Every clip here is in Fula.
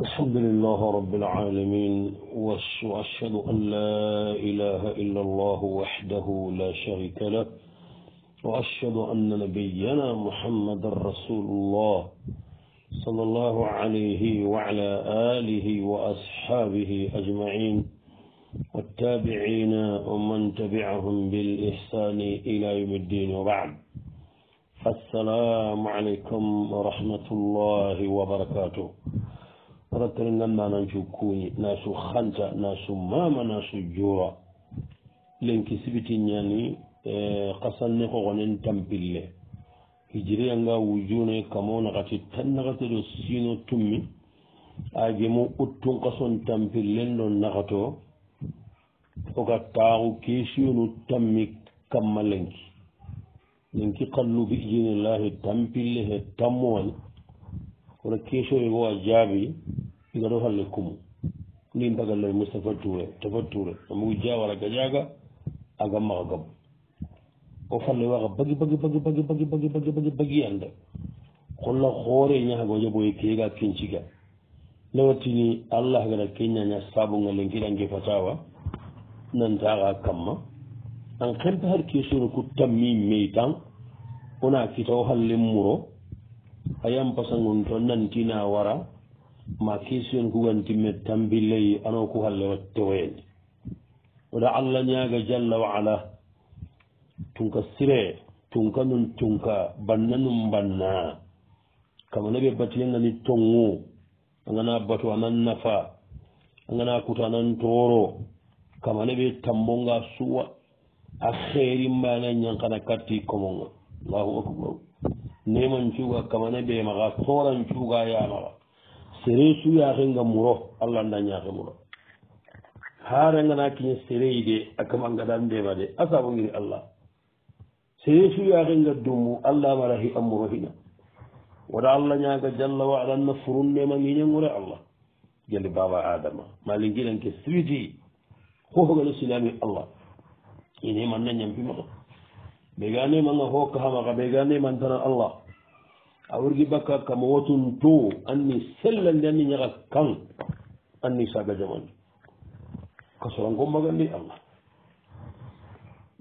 الحمد لله رب العالمين وأشهد أن لا إله إلا الله وحده لا شريك له وأشهد أن نبينا محمد رسول الله صلى الله عليه وعلى آله وأصحابه أجمعين والتابعين ومن تبعهم بالإحسان إلى يوم الدين وبعد السلام عليكم ورحمة الله وبركاته rattari ngan nanan su kuñi na su xanta na su mama na su jura lenki sibiti ñani e, xasan ne xoxonen tampille hijiriya nga wujune kamo naxati tan naxate do sino tummi agemu uttun xason tampillen do naxato foga taxu ke sionu tammi kamma lenki lenki xallu bi ijinillahi tampille he tammowani wona question e wowa jaabi ɗiga ɗo halle kumu ni mbagallo e moustapha toure tapa toure omowi jawara gañaga agammaka gabu o falle waka bagi bagi bagi bagi bagi bagi bagi bagi bagi anda holla hoore ñahago jaɓoye keega kencika nawattini allah gana keññaña sabungalle giɗange fatawa nantaka kamma an kempe har question ku tammi mey tan wona kita o halle muro ayam pasangun to tina wara ma question kugantimme tambillayi ano ku halle wattewoyeni oɗa allah ñaaga jalla wa ala tunka sire tunka nun tunka banna num banna kama naɓe batiyangani tongu agana batu anan nafa agana kuta toro kama nabi tambonga suwa a heeri mbana ñankana katti komonga allahu Akbar neman cuga kamane be maga soran cuga ya maga sere su ya ringa muro Allah nda nya ke muro hare ngana kin sere ide akama ngada mbe bade asabu ngiri Allah sere su ya ringa dumu Allah marahi amuro hina wada Allah nya ga jalla wa ala nafrun ne man ngiri muro Allah jalli baba adama malingi ke suiti ko ko Allah ine man nan nyambi maga ɓeganemaga hokka hamaga ɓeganeman tanan allah a wurgi bakka kamo wotun to anni sellande anni ñaga kan anni saga jamanu kasorangombagandi allah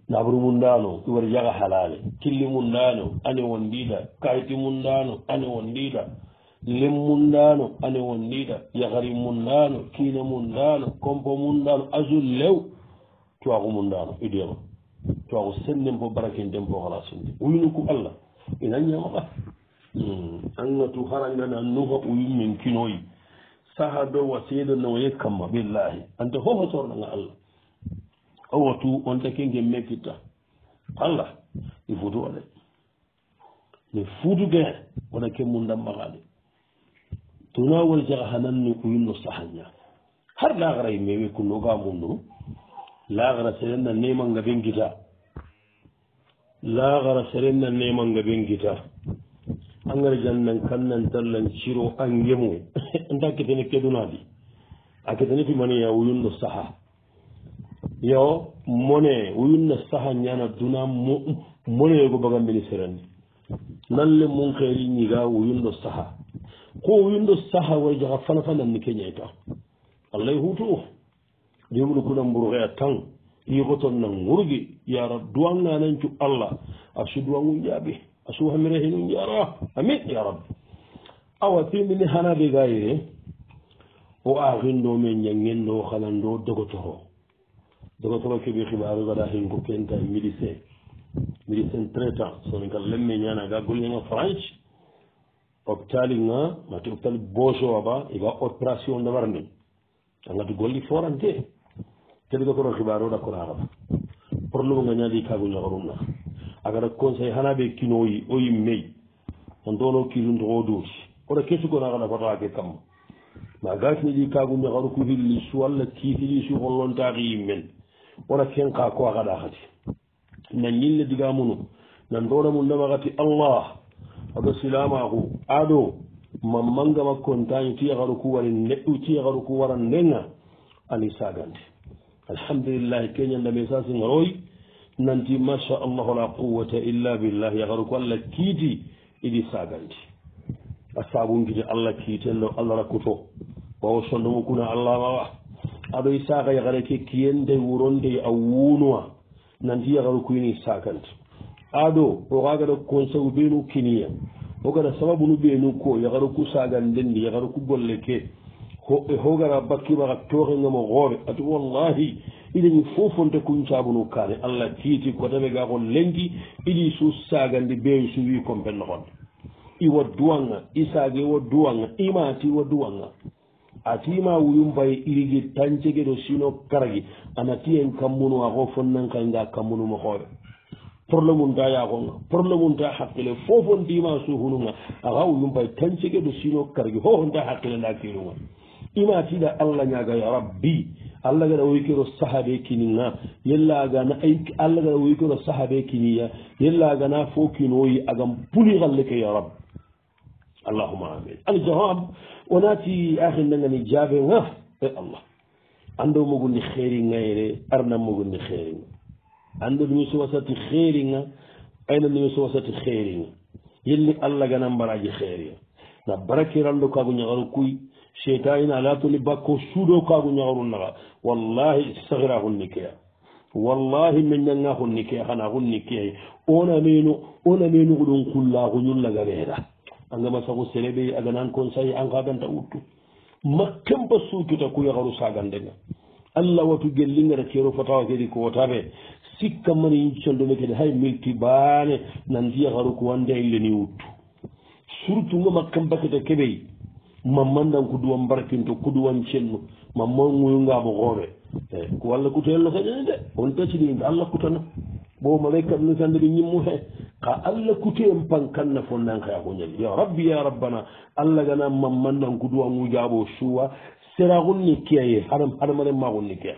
naburu mundano iwar jaga halale killi mundano ani wondida kayti mundano ani wondida lem mundano ani wondida yagari mundano kiine mundano kompo mundano azu lew cuwaku mundano idiyama towa sennen fo barakin den fo hala sunde uyunu ku allah ina ñamaɓa hmm. annatu harangana nuha uyun min kinoyi saha do waseeda no yek kamma billahi ante fofo sornaga allah owatu on take gen mekitta allah i fudu ale mais fudu ge wona ke mu dammaxaade tuna wal jaxa hananni uyun no saha ña har laxaray e mewe kunnogamum nu laagara serenna nemanga ɓengita laagara serenna nemanga ɓengita angara jannan kannan tallan ciro angemo nta ketene kedunadi a ketene timaniya wuyunno saha yo mone wuyunno saha ñana duna moneyego bagambini serenne nalle mun xeeri ñiga wuyunno saha ko wuyunno saha wa jaxa fana fananni keñayta wallay hutuo ñemru kuna mburuxe a tan yixoton nan ŋurugi yara duwannanancu allah a su duwangu njaabi a su hamire hinu njara amin ya rabi awa timini hanabe e ga yee wo axindo me ñangendo xanando dogotoro dogotoro keɓe xibaru gada hinku kenta médicin médicin traitant soninka lemme ñanaga golñanga france hôpitalinga mati hôpital bojo aba iba opération ndawarni angati golli forante kenigo kono xibaroona kono a xam problème nga ñandi kaago ñoxorunna a gara conseil xanaɓe kinoyi oyi mey antono kirin toxo doosi ona kesi kona xana fataa ke kam ma gasine ɗi kaago ñoxaru kufilli su walla kiitili su xollontaaxi yimmen ona ken qa ko a xaɗa xati na ñinne digamunu nan doona mu ndamaxati allah ado silamaaxu aɗo mamangama contaño tiyaxaru ku wari neɗɗu tiyaxaru ku waran ndenga ani sagante alhamdulillahi keñandami e sasi ngoroy nanti macha allahu la quwata illa billah yagaru ko allah kiiti iɗi saganti a sagunkiti allah kiitenno allah rakkuto wawo sondomo kuna allah wawa aɗoy e saga yagara ke kiyende wuronde a wuunowa nanti yagaru kuini saganti aɗo oxagata conseil ɓeenu kiniya o gata sababunu ɓeenu ko yagaru ku sagandendi yagaru ku golle ke e hogara bakkimaka tooxengemo xoore ati wallahi ileñi fofonte kuncaabunu kaane allah tiiti ko tamega ko lengki ili su saagandi beeñu su wi kompennoxon iwa duwanga isaage wa duwanga imaati wa duwanga atiima wuyumbaye iligi tancege do sino karagi anatiyen kammunu a xo fonnankanga kammunumo xoore problème unta yaaxonga problème unta xaqile fofontiima suhununga axa wuyumbaye tancege do sino karagi fofonta xaqile nda kiinunga imaatiɗa allah ñaaga yo rabbi allah gaɗa woykero sahabe kininga yellagana allah gaɗa woykero sahabe kiniya yellagana fo kinoyi agam puli xalleke yo rab allahuma amin an jawab wonati axin nangani jaabenga e allah ando mogundi xeeringayere arna mogundi xeeringa ando nimi sowasati xeeringa ayna nimi sowasati xeeringa yelni allah gana mbaraji xeeringa na barakiralo kaago ñaxaru kuy cheytaine alatoni bakko suuɗo kaagu ñahorunnaxa wallahi sahira xunni kea wallahi meñanga xunni ke xana xunni ke onamenu onamenu xuɗun qullaxu ñullaga reera a ngama saxu sereɓe aganan conseil an xaganta wuttu ma kemba suukita ku yaxaru sagandenga allah watu gellingara ceero fotawa kedi kootaɓe sikka mani incondome kedi hay milti baane nandiyaxaru ko wande illeni wuttu surtout ngama kembakita keɓey ma mandan ko duwan barkinto ko duwan cellu ma mangoyungamo xoɓe e ko walla kuto hello kañani de on tacini yimɓe allah kutana bo malay kam ni sandigi ñimmu he ka allah kute en pan kanna fonnan xeya e ko ñani yo rabbi ya rabbana allah gana ma mandan ko duwan ujaɓo suwa seraxun ni kiyaye hadamaren maxun ni kiya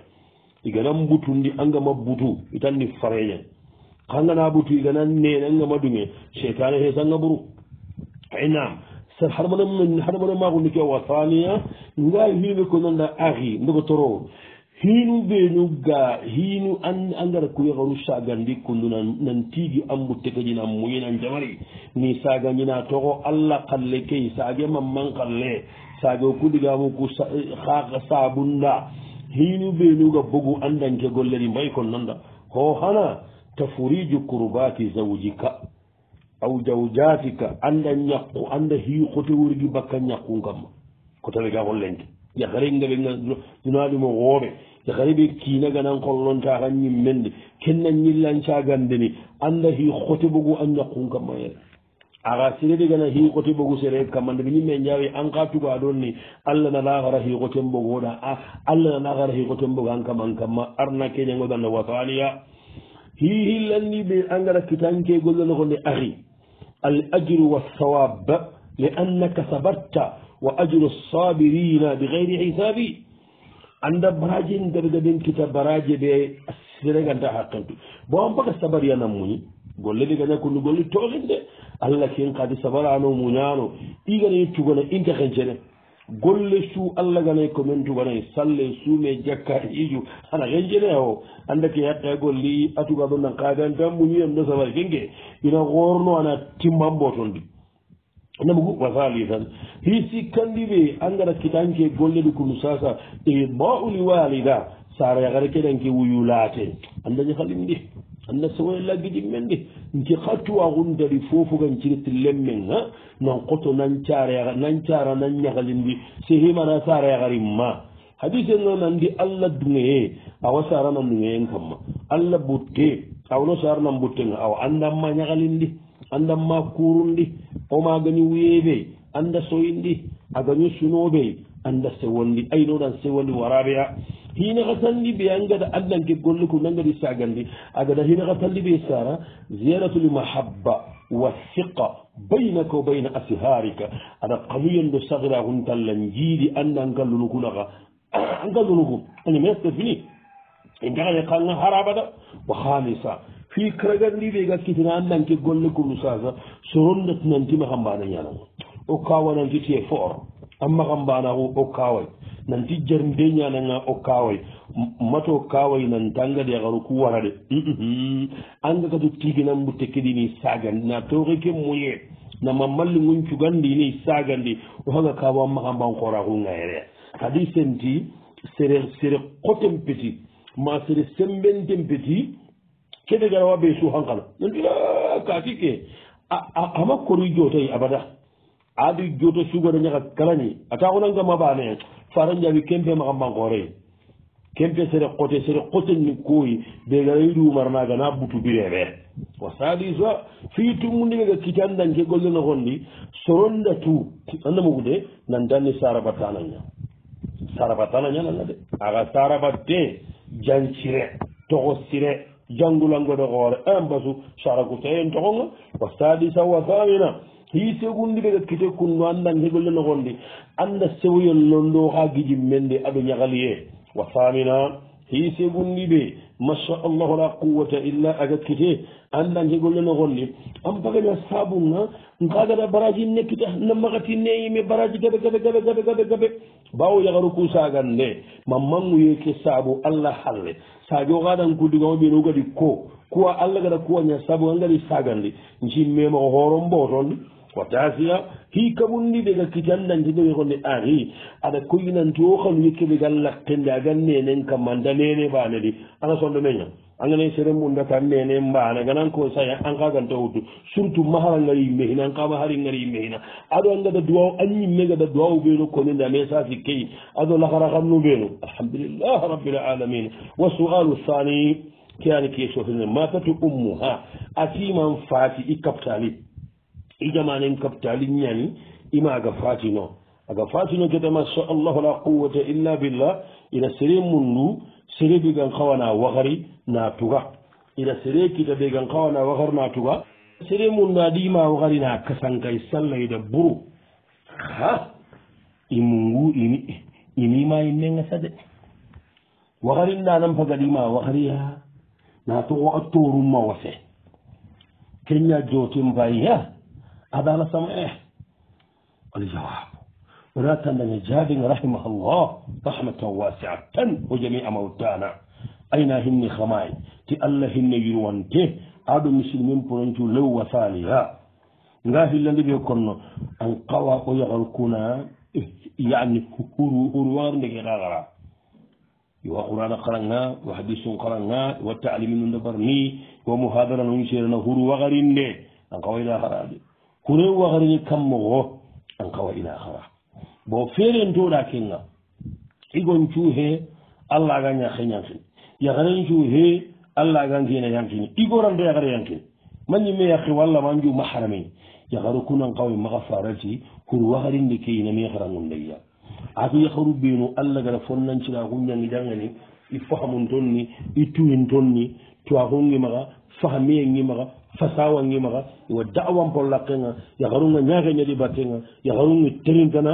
iganan butu ndi angama butu itan ni fareñen xangana butu iganan nene angama duge cheytane hesanga buru ay nam sar haɗamaɗamna haɗamaɗa maaku ndike wa taniya nga hiɓe ko nanda axi ndogo toro hiinu ɓeenu ga hiinu an angara kuyaxaru sagandi kunduna nan tiigi ambu tekajina muyina jamari ni saganjina toxo allah xalle key saage mamman xalle saage ku digamu ku xaa sabunda hiinu ɓeenu ga bogu andanke golleri mbay kon nanda ho xana tafuriju kurbati zawjika aw jaw jaatika annda ñakku annda hii xotewurigi bakka ñakku kamma ko tawe ga xollenke yakare ngaɓe ginaɗuma wooɓe yakare ɓe kiina ganan xollontaka ñimmende kenna ñillancagandeni annda hii xote ɓogu a ñakku kamma yen axa serede gana hii xote ɓogu sere kamma ndeɓe ñimme jawi an ka cuga ɗon ni allah nana xara hii xoten ɓogoɗa allah nana xara hii xoten ɓogan kaman kamma arna keñangoɓanna wasaliya hihillanni ɓe angara kitankegollono ko nde ari al ajru wasawab li annaka sabatta wa ajru sabirina bi gayri hisabi anda baraje gadagaden kita baraje ɓe sireganta haqqentu bo an baka sabariyana muñi golle ɓe gaña kondu golle toxinde allah ken kadi sabaraano muñano igana yettugona intexencene golle suu allah ganayi ko mentuganayi e salle suume jakkaari e iju ana genjene o annda ke yattaygol e li atuga ɗon nan kaagan tan muñuyen ɗo safari genge ina goorno ana timmanbo toon di nabu gu wasaali tan hiisi kandiɓe angara kitanke golle ɗu kunu sasa e ba uli walida saara yagare keɗanke wuyulaate anndañi halim ndi annas sowo ella gidim men de nci xa tuwaxundari foofuga ncigatillen menga nan xoto nan cara nan ñaxalindi sehimana sarayaxarimma hadisenga nandi allah dungeye awa sarana dungeyen kamma allah botte awono saranan bottenga awa andanma ñaxalindi andanma kurundi oma gani wuyeɓe anda soyindi agani sunoɓe anda sewondi aynoɗan sewondi waraɓeya هنا غتلي بيانجا أدنى كيقول لكم من اللي ساجن لي أجد هنا غتلي بيسارة زيارة المحبة والثقة بينك وبين أسهارك أنا قليا لصغرى غنت لنجيد أن أنقل لكم أنقل لكم أنا ما يستفني إن كان يقال هرابة وخالصة في كرجل لي بيجا كتير أدنى كيقول لكم سازا سرندت ننتي مهما نيانا أو كاوان أنتي فور أما غمبانا أو كاوان nan nanti jarnde ñananga o kawai mato nan tanga angadi garu ku wara de nan kadu tiginambu ni sagan na toxe ke mun ku malli ni sagan sagandi o haga kawa maxamban xoraxunga yere hadi senti sere sere xoten peti ma sere petit peti de garawa be su hankala k'a kati ke ma kori jotay abada adi joto sugoda ñaga kalañi ata xonangama mabane. fata njawi kempe maga mbankoreyi kempe sere kote sere kotenni kooyi begarayi ɗumarnaga na butu birebe wa sali soa fii tumundigaga kitan danke gollena gondi soronda tu andamugu de nantanni sarabattananña sarabattananña nana de aga sarabatte jancire togo sire jangulangoɗo hoore un basu sarakutayen togonga wa sali sa wa famina hii segundi ɓe ga kite kunno annda ngegolle nogondi annda sewoyol londo ha gijim mennde aɗo ñagaliye wa samina hii segundi ɓe masha allahu la quwata illa aga kite annda ngegolle nogondi an pagaña sabunga ngagata baraji nekkita na magati neyime baraji gabe gabe gabe gabe gabe gabe bawo yagaru kusagan nde ma manguye ke saabu allah halle sajo gadan kudigamo ɓeno gadi ko kuwa allah gada kuwaña sabu an gadi sagandi jimmemoko horon mbo toon wa tasiya hikamundi ɓe gakki tandantinowi honde ari aɗa koyinanti o kalu yekkeɓe gal lattende agan nenen kammanda nene banedi ana sonɗo meña agana seremundatan nene mbana ganan ko saya ankaganta wuttu surtout mahara ngari yimɓe hina ankama hari ngari yimɓe hina aɗo angada duwaw anñimme gada duwawu ɓeno koninda mais sa sikkeyi aɗo lakara kamnu ɓeno alhamdulillah rabbilalamin wa sualu sani keani ke sofine ma tatu ummu ha asiman fati i captalite ijamanen kaptali ñani ima aga fatino aga fatino gede masallahu la quwata illa billah ina sere mundu sere ɓegan kawana wahari na tuga ina sere kita ɓegan kawana wahar na tuga sere mundu adi ima wahari na kasankay sallayda buru ha imungu ini inima innenga sade waharin danan pagadima wahariya na tuga a torumma wase kenya jotin bayiya هذا أنا سمعه إيه. الجواب هناك من جاد رحمه الله رحمة واسعة وجميع موتانا أين هن خماي تي الله هن يروان يروانتي أدو مسلمين برنجو لو وثاليا نغاه اللي بيكون أن قوى ويغلقنا يعني هرو هرو نجي غغرا يوا قرانا قرانا وحديث قرانا والتعليم من دبرني ومهادرة نشيرنا هرو وغرنك أن قوى إلى غرادي kure wagarini kammogo an kawa ina kawa bo feeren toɗa kenga igon cuuhe allah aga ñanke ñankini yagaren cuuhe allah aga gena yankini igoranto yagare yankini mañimme yake walla manju maharame yagaru kunan kawe maga farati hur wagarinde ke ina mexaranundaya atu yakaru benu allah gara fonnancira kuñangi dangani i fahamun ton ni i tuwin ton ni twakungi maga fahameyengi maga fa sawangimaxa iwa dawan pollakkenga yaxarunga ñaxeñadi bakkenga yaxarunge terintana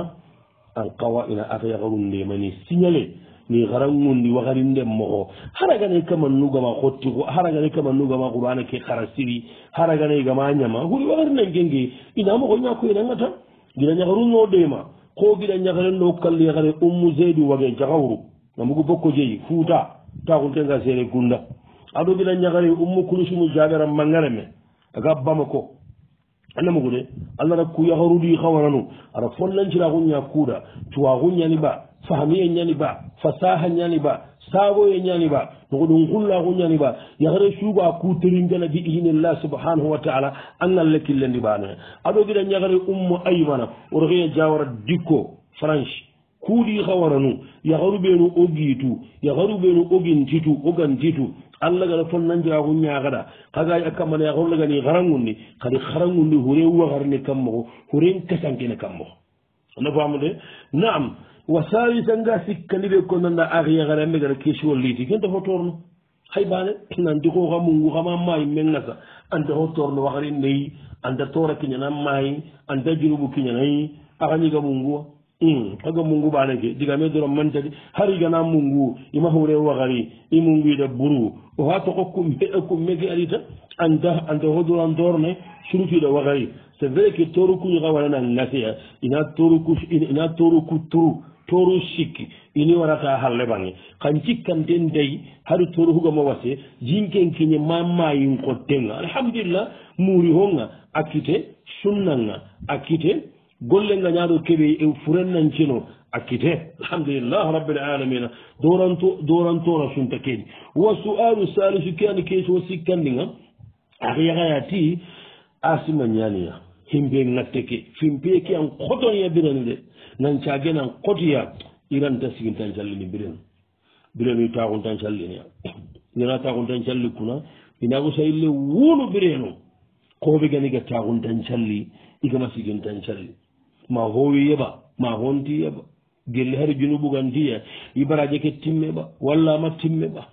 an qawaina afa yaxaru ndemani signale ni xarangundi waxarinde moxo xaraganay kama nugama xottixu xaraganay kama nugama xurana ke xara siwi xaraganay gama ñama xuri waxarinangenge ina moxo ñakoyenangata gina ñaxaru no ɗema ko gida ñaxarendo kalli yaxare ummu zeidi wagen caxa wuru nambugu bokko jeyi fuuta taxunte nga seere gunda aɗo gila ñagari ummu kulusumu jaɓera maggare me aga bama ko anna mugude allah ra kuyaharudi hawananu ara follancira kunña kuuda cuwaku ñani ba fahamiye ñani ba fasaha ñani ba saagoye ñani ba nogo ɗum kullaku ñani ba yahare suuba ku teringana bi ihinillah subhanahu wa taala angal lekkillendi banoe aɗo giɗa ñagare ummu aymana orokeya jawara dikko france kuuɗi hawananu yaharu ɓenu ogiitu yaharu ɓenu ogintitu ogantitu allah gara fon nanjiraku ñaakada kagaji akkamana yaa hollagani harangundi kadi harangundi hure wakarni kam moko huren kasankine kam moko ano famu de naam wa salisa nga sikkandiɓe ko nanda ariya gara mbe gara kesiwol liti kenta fo torno hay bane nanti ko ka mungu kama maayi me ngasa anta ho torno wakarin neyi anta tora kiñana maayi anta junubu kiñanayi akañiga mungua taga hmm. mungu ɓaanake digame dora mantadi harigana mungu ima hure wahari i mungu ida buru oha toko kumea kummege arita anta anta hoduran dorne surutuida wahari c'est vrai que toru kuñuka warana ngaseya ina toruku ina toruku turu toru sikki ini warata halle bange kan cikkanten dayi haɗu toru hugama wase jinkenkeñe ma mayinkottenga alhamdulillah muuri honga akkite sunnanga akkite golle gañaɗo keeɓe e furennancino akkite alhamdulillah rabbil alamina doranto dorantora sunta keni wa sualu salisu keani keeso wo sikkandiga ayagayati asima ñaniya himɓe gatteke fimpe ke an koton yabirani de nan cagen an kotoya iranta sigintan callini birenu birenu taguntan calliniya ina taguntan calli kuna inago sayille wuunu birenu koɓe ganiga taguntan calli igama sigintan calli ما هو يبا ما هونتي يبا جلهر جنوب غانديا يبراجي كتيم يبا ولا ما تيم يبا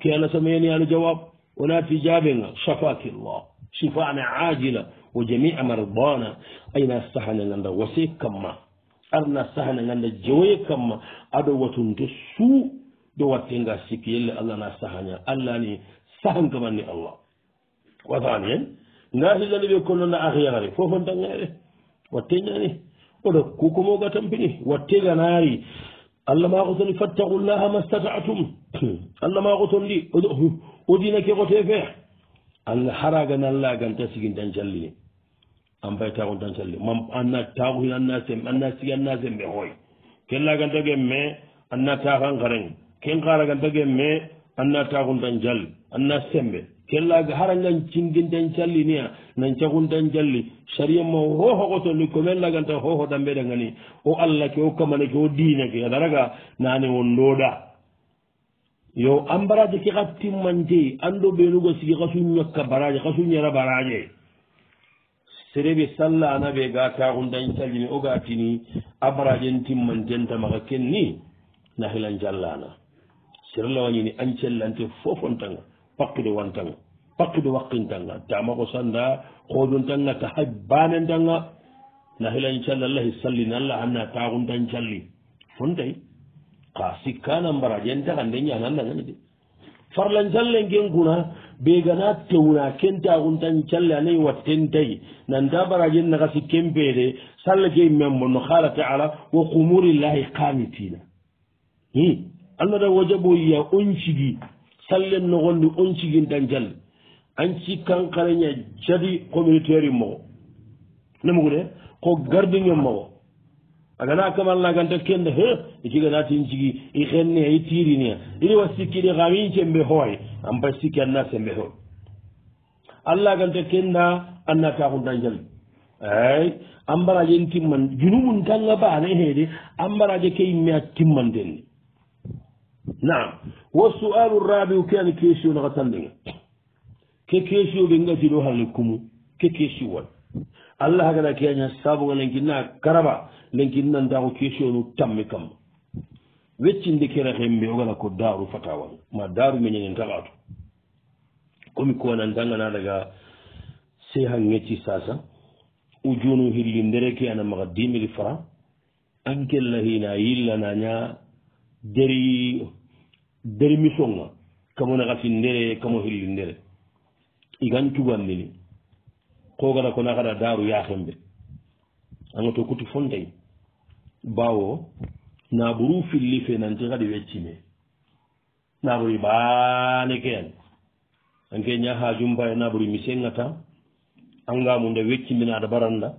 كي أنا سمعني على جواب ولا في جابنا شفاك الله شفاعنا عاجلة وجميع مرضانا أين استحنا لنا وسيكما أرنا استحنا لنا جويكما أدوة تسوء دوة تنغا سيكي اللي الله نستحنا ألا ني سهن كمان الله وثانيا ناس اللي بيكونوا أخيانا فوفن تنغيره wattegani oɗo kokomoga tampini wattegaari allah mako toni fattakullaha mastatatum allah mako ton ɗi odina kekote fe an haraga nallagan ta sigin dan callini an bay takon dan calli ma anna takohin anna sem anna sigi anna sembe hooy kenlagan ta gem me anna takan karen ken karagan ta gem me anna takon dan jall anna sembe kellaaga haraŋŋan cinginten calli niya nan cahunten calli sariya ma hohoxotolli komellaganta hoho dambeda ŋani wo allah ke wo kamane ke wo diina ke adaraga naani wo ndooɗa yo an baraje ke xa timmante anndo ɓeenugo sigi xa su ñokka baraje xa su ñara baraje serebe salla ana ɓe ga cahunten callini o gatini a barajen timmanten tamaxa ken ni nahilan callana serlawañini an cellante fofontanga pakkude wantanga pakkude waqintanga damako sannda hoojon tanga ta hay baanen tanga na hilan calli allahi sallin allah anna taakuntan calli fontay ka sikkana mbarajentaka ndeñanandagañide farlan calle gen kuna ɓeegana tewna ken taakuntan calli anayi wattentayi nanta barajen nakasi ken peede salla ke men bonno kala taala wo kumurillahi kamitina i allah da wajaboyiya on cigi sallen no gonndi on ciginɗan jalle anci kankareña jadi communautaire mo o nemu gude ko gardiñon mo o a gana kamalnaganta kennda he e ciganatin cigi i xenni ha i tirinia iri wa sikkiɗi xamin cembe hooy ampa sikki anna sembe hoo allah ganta kennda anna taxundan jalle ay ambaraje n timman junumun tanga baana heede ambaraje ke yimme a timman denni naam wo sualu rabiu ke ani question naka tandinga ke question ɓe gati ɗo halle kumu ke question wal allah hagana keaña sabuga lenkinna karaba lenkin nantaako question nu tammi kamma weccinde kerahemɓe ogana ko daru fatawal ma daru meñanen taɓatu komi kowanantangana daga se ha gecci sasa ujunu hilli ndereke ana maga dimili franc ankella hina yillanaña deri deri misoŋa kamo naxasi ndere kamo hilli ndere igan cugannini kogata ko naxata daaru yaxembe anga to kuti fontay bawo naɓuru filli fe nanti xadi weccime naɓuri baane keen anke ña hajumpaye naɓuri misengata angamunda weccimbinaata baranda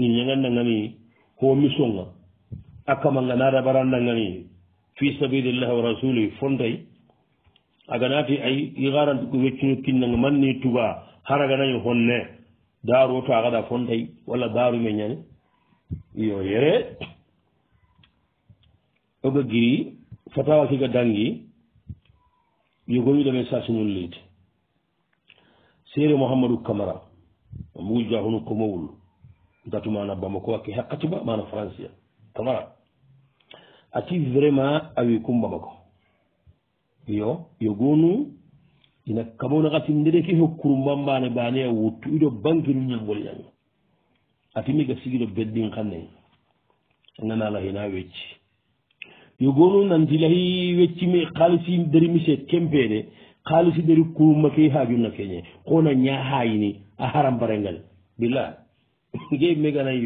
in ñangandangani ho misoŋa a kamanga naata baranda ngani fi sabilillah wa rasulihi fontay aga naati ay iharante ko weccino kinnaga manni tuba har aganañu honne daaru to agaɗa fontay walla daaru me ñani yo yere oga giri fatawa kiga dangi yo gomiɗome sasinol leyte seere mouhamadou camara mbuujahunu komowul datu mana bamako wakke hakkatiba mana francia camarat ati vraiment awi kumbamako yo yo gonu ina kamona ati ndede ke hokkuru mambane bane a wuttu ido bankiru ñangol ñanga ati miga sigido beddin kanne nana lahi na wecci yo gonu nanti lahi wecci mi haalisi deri mise kempede haalisi deri kurumma ke hajunna keñe kona ña hayini a haram barengal billah ngey mega nay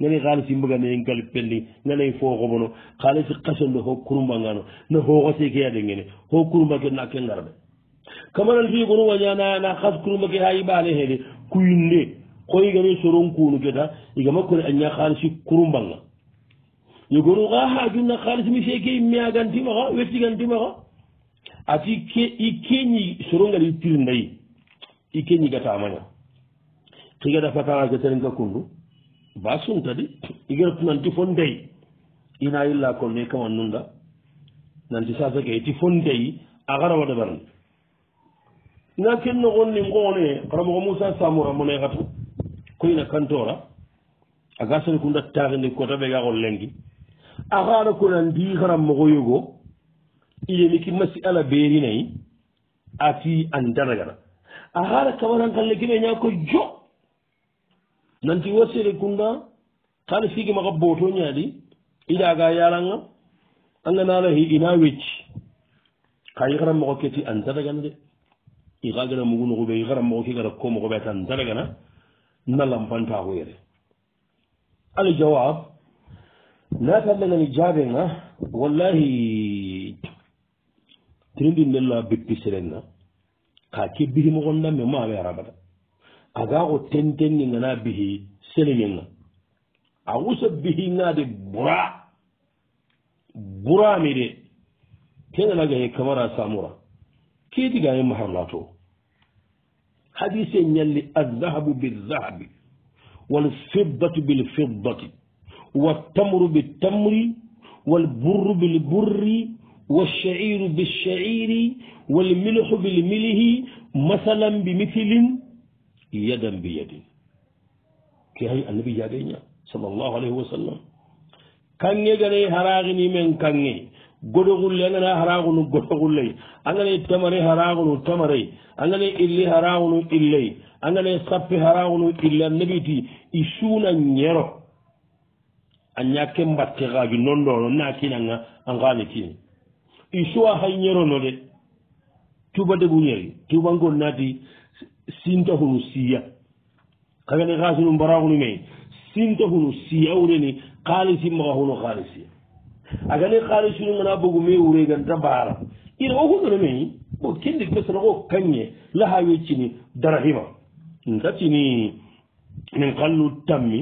nganay xaalis i mbaga nayen galib pendi nganay fooxobono xaalis xasondo ho kurumba ngano na hooxose ke adengene ho kurumba ke naa ke ngarɓe kamanal fi gonu waña na xas kurumba ke haa iɓaale heede kuyinde xoy gane soron kuunu ke ta igama kore a ña xaalisi kurumba nga ye gonu xa xaajun na xaalis mi seke i meagantimaxa wettigantimaxa ati ke i keñi sorongal i tirinayi i keñigataamaña tigeda fatarage tenen ga kundu ba sun tadi igeratu nanti fon dey ina illa kon ne kama nunda nanti sasake ti fon dey agara wada barani nga ken no gonni ngone qaramo ko musa samura mo ne gatu ko ina kantora aga sen kunda tare ne ko tabe ga gol lengi agara ko nan di garam mo go yugo ile miki masi ala beri nay ati andara gara agara kawalan kan le kine nya ko jo nanti wartere kunna kan sigi maka boto ñaadi idaga yaranga anganala he ina wecci ka yi garan mogo keti antadagana de ixa gana mugu nuxuɓe i garan mogo ke gara ko mogo ɓeta antadagana na lampantaxu yere al jawab na tallangani jaɓenga wallahi tirindin nela bippi serenna ka ke biri moxon na me ma aɓe arabada aga tenten ni ngana bihi selengenga awusa bihi na de bura bura mi de na he kamara samura ke kedigaye maharlato hadise ñalli aldahabu bildahabi walfiddatu bilfiddati waltamru biltamri walburru bilburri والشعير بالشعير والملح بالمله مثلا بمثل yadan bi yadin ke hay annabi jaabe nya sallallahu alaihi wasallam kange gane haragi ni men kange godogul le ngana haragunu godogul le angane tamare haragunu tamare angane illi haragunu illai angane sappi haragunu illa nabi ti isuna nyero anya ke mbatti gaju non do non na kina nga an gani kini isuwa hay nyero no de tuba de bu nyeri tuba ngol nadi sintohunu siya kagani kasunu mbarahunu mayi sintohunu siya wureni kalisi mahahunu kalisiya agani kalisunu ngana bogu me wure ganta bara ira ohunono mayi bo kindik mesana ko kanye lahawe cini darahima nta cini min kallu tammi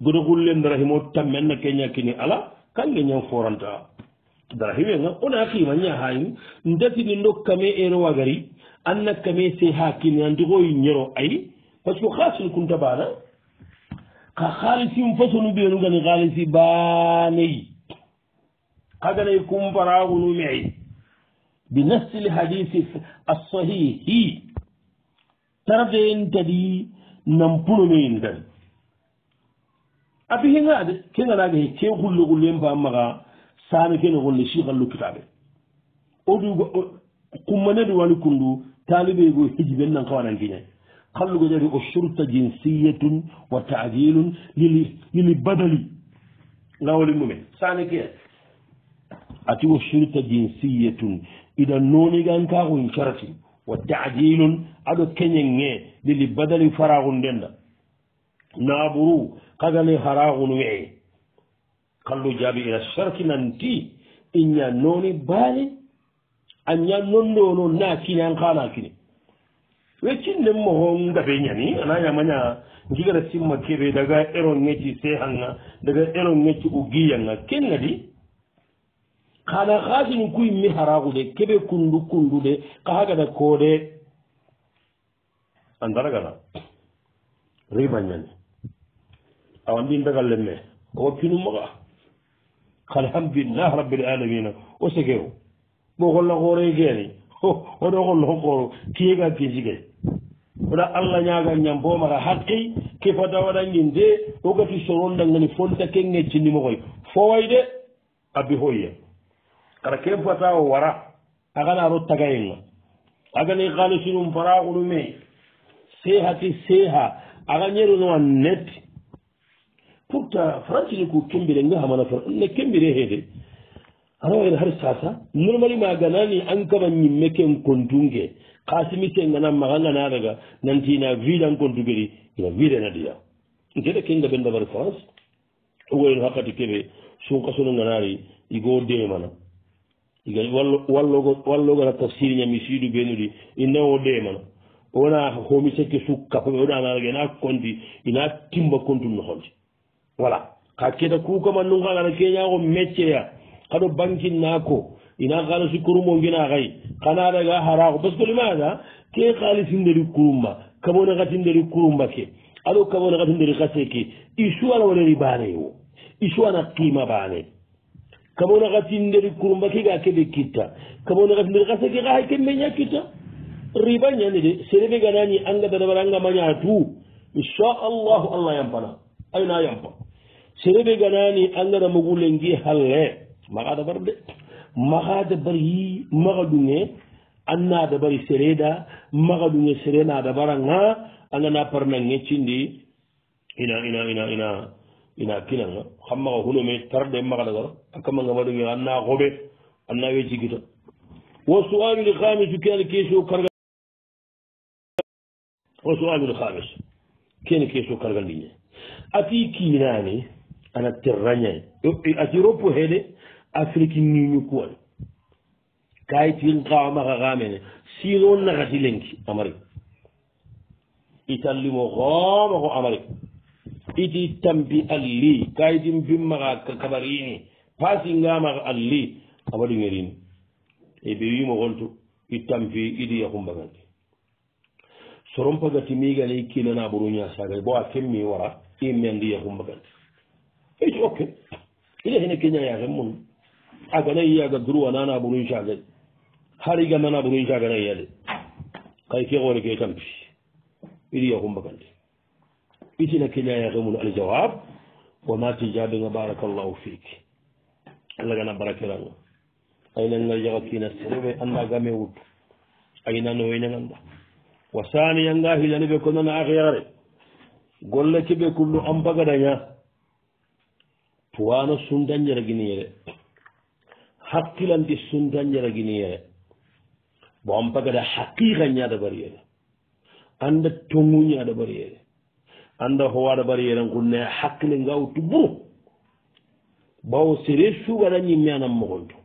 gudo gullen darahimo tammi anna kenya kini ala kange ñan foranta brahima ga onakima ñahayi datini dokkame erowagari annakkame se hakkine andi koye ñero ayi par ce que haasin kunta bana ka haalisim façonu ɓenu gani haalisi baneyi haganay kumparagunu mei bi nassil hadisi assahihi tardeen tadi nampunomeyin tan abihinga de kengana gahe ke gullegulle mpamaga saami kene golle sihallu kitaɓe oduga kummanedu wani kundu taliɓego hijiɓen nan kawanan giñay kallugo jati o surta jinsiyetun wa taadilun lili badali lawoli mumen saami ke ati o surta jinsiyetun ida nonigan kaxun carati wa taadilun aɗo keñenge lili badali faraxun ndenda naburu kagale haraxun weye kallu jaabi ila sarki nanti inña noni baali aña nonndono naakine an ka naakine weccinnen moho ngabe ñani ana ñamaña jigara simma keɓe daga eron ŋecci sehanga daga eron ŋecci u giyanga kengadi kana hasini kuy mi haragude keɓe kundu kundude kahagada koode andaragana riba ñani awandin dagallen me owa kinu maga alhamdulillah rabbil alamina o sikeo mo golla koore geeni oɗo golla hokkoro kiyega ke sigay oɗa allah ñagan ñam boomata haqqi ke fada waɗangin de ogati soronɗangani fonta kenge cinnimo koy fowoy de abbi hoyya kara ken fata o wara agana rot tagayenga agani kalisinum faraku ɗume seha ti seha aga ñeru noa net pourta francise ko kembire gahamana toon anne kembire heede ana wayno har sasa normali ma ganani an kama ñimme ken kontunge kasimi ke gana maga ganaraga nantina vidan kontugeri ina videnadiya jeɗe kenga ɓen dabar france owayno hakkati keɓe sunkasono ganari igo demana iga wallogo wallogona tafsir ñami sidu benudi ina o demana wona homi sekke sukkapoɓe oɗanaraga ina konti ina timba kontu nohonde voilà ka keta kukama nunkagana keñako métierya kaɗo banki nako ina halisi kurumongina xay kana daga harako parce que limaaa ke halisindeli kurumma kabone xatindeli kurumba ke aɗo kabone xatindeli xase ke isu ana waleri baneyo isu ana qima bane kabone xatindeli kurumba ke ga keɓe kitta kabone xatindeli xase ke xaa ke meña kitta riba ñanede serebe ganañi anga dadabara anga mañatu inchallahu allah yampana ayna yampa sereɓe ganani angana magule ngi halle maxada bar de maxada bar yi maxaɗunge annada bari sereda maxaɗunge serenada baranga angana parnange cindi ina ina ina ina ina kinanga xammaxa hunome tarde maxadagar a kamanga baɗuge anna xoɓe anna we cigita wa soalul xamis kene question karga wa soalul xamis kene question kargandiñe ati kinani ana terrañay e ati roppo hene afrique niñu kuwal kaytin kawamakakamene sino nakati lenki amarik italli mo xooma ko amarik iti tambi alli kaytin bimmaka kabarini paasi ngamaka alli amaɗungerini e ɓe wimo xontu i tampi iɗi yakumbagandi soron pagati miigane i kinana ɓuru ñasagay bo a femmi wara i mendi yakumbagandi eyi ok ile hene keñayaken mon agana yiyaga groa nana ɓuru caga hariga mana ɓuru cagana yiyade kay ke xoore ke tampi iɗi yaku mbagande itina keñayake mun aljawab wama tijabenga barakallahu fik allah gana barakiranga aynanga jaxakina sereɓe andagame wuttu ayna noyinanganda wa saniyanga hilani ɓe konana axiyaxare golle keɓe kullu an bagadaña tuwano sundañera guiniyere hakkilandi sundañera guiniyere bon pagada haqiqa ñaada bariyere anda tongu ñaada bariyere anda howaada bariyere ngunne hakkile ngaw tu buru bawo sere suugadañi meanam mogontu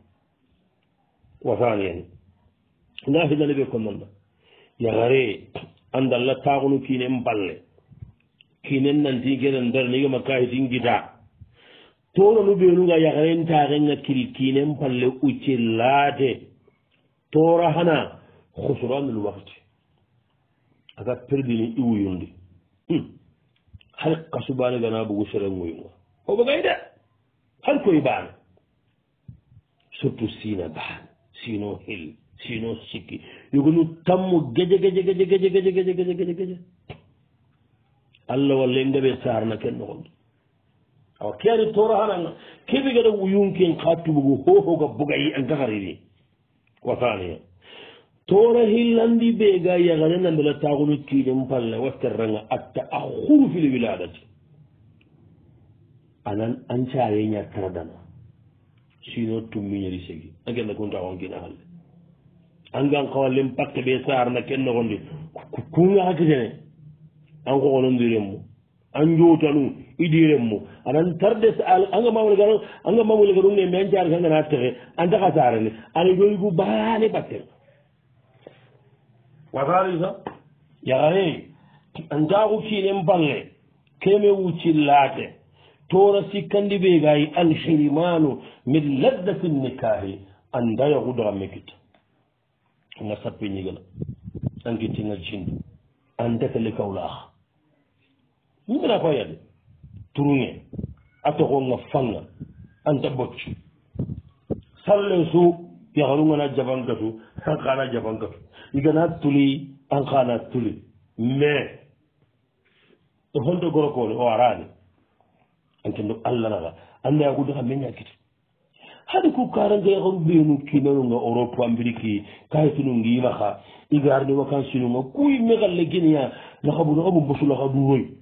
wasani en ngafinale ɓe konnonna yahare andallah taagunu kiine mballe kiinen nanti geren nder nigema kayitin gida beru ga ta ɓeenuga na kilkinen palle ucce laate toora hana al waqt aga perdini iwuyunde hal qasubana gana bu bugu serengoyunga obogay de har koye baane surtout siina baane sino hil sino siki yugunu tammu geje geje geje geje geje geje geje geje geje allah walla en ngaɓe saarna ken nogonɗo awa keari toro hananga kebigeɗa yunkin ka tubugu hohoga bugayi an gagarini watani toro hillandi be ga yagane nambela taguno kiɗin palle watterranga atta a hurfili wiladati anan an care ñattara dana sino tummiñeri segi agenda gonta wonkina halle an gan kawallin pakke ɓe sarna kennogondi kunga hakkitene an kogonondiren mo an jotanu idiren mu anan tarde anga mamule garo anga mamule garo ne men jar ganga na tere anda kasare ni ani goy gu baane batter wazalisa yare anda gu kinen bange keme wu wuci late tora kandi be gay al hirimanu min laddati nikahi anda ya gudra kit na sappi ni gal gala angi tingal cin anda kale kawla yimɓena fa yadde turuge a tokonga fanga anta bocco salle su yaharungana jabangatu ankana jabangatu igana tuli ankana tuli mais to honto gorokone o arani ankendo allah naga anda yakudaga meña kiti hadi ku karanga yaharu ɓenu kinanunga europe ambiriki kaytunu ngimaha igarni wakan sinunga kuy megalle guinea lahabunaabu mbosu laha duroy